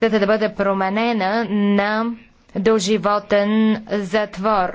да бъде променена на доживотен затвор.